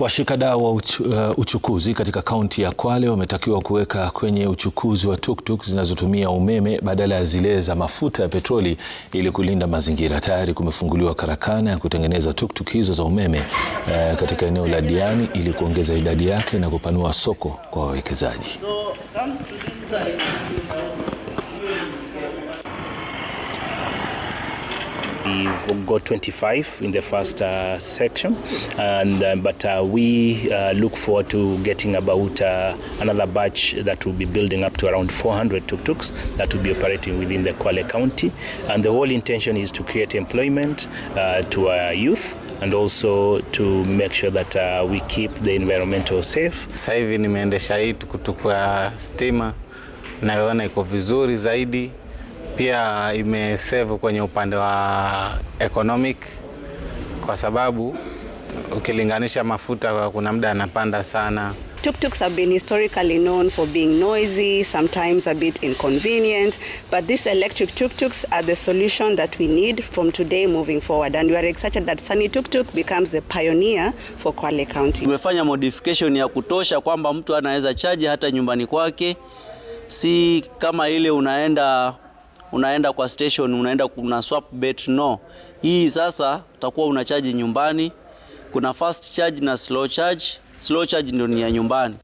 Washikadau wa uh, uchukuzi katika kaunti ya Kwale wametakiwa kuweka kwenye uchukuzi wa tuktuk zinazotumia umeme badala ya zile za mafuta ya petroli ili kulinda mazingira. Tayari kumefunguliwa karakana ya kutengeneza tuktuk hizo za umeme uh, katika eneo la Diani ili kuongeza idadi yake na kupanua soko kwa wawekezaji. we've got 25 in the first uh, section, and uh, but uh, we uh, look forward to getting about uh, another batch that will be building up to around 400 tuk-tuks that will be operating within the Kwale County, and the whole intention is to create employment uh, to our youth and also to make sure that uh, we keep the environmental safe. Sasa hivi nimeendesha hii tukutuku ya stima, naona iko vizuri zaidi pia imeserve kwenye upande wa economic kwa sababu ukilinganisha mafuta kuna muda anapanda sana. tuktuks have been historically known for being noisy, sometimes a bit inconvenient, but these electric tuktuks are the solution that we need from today moving forward. And we are excited that Sunny tuktuk becomes the pioneer for Kwale County. Tumefanya modification ya kutosha kwamba mtu anaweza chaji hata nyumbani kwake, si kama ile unaenda unaenda kwa station, unaenda kuna swap bet. No, hii sasa utakuwa una charge nyumbani. Kuna fast charge na slow charge. Slow charge ndio ni ya nyumbani.